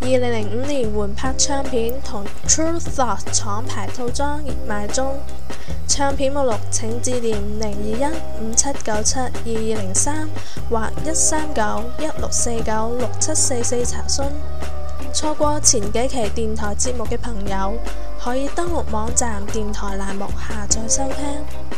二零零五年換拍唱片同 True Thought 廠牌套裝熱賣中，唱片目錄請致電五零二一五七九七二二零三或一三九一六四九六七四四查詢。錯過前幾期電台節目嘅朋友，可以登錄網站電台欄目下載收聽。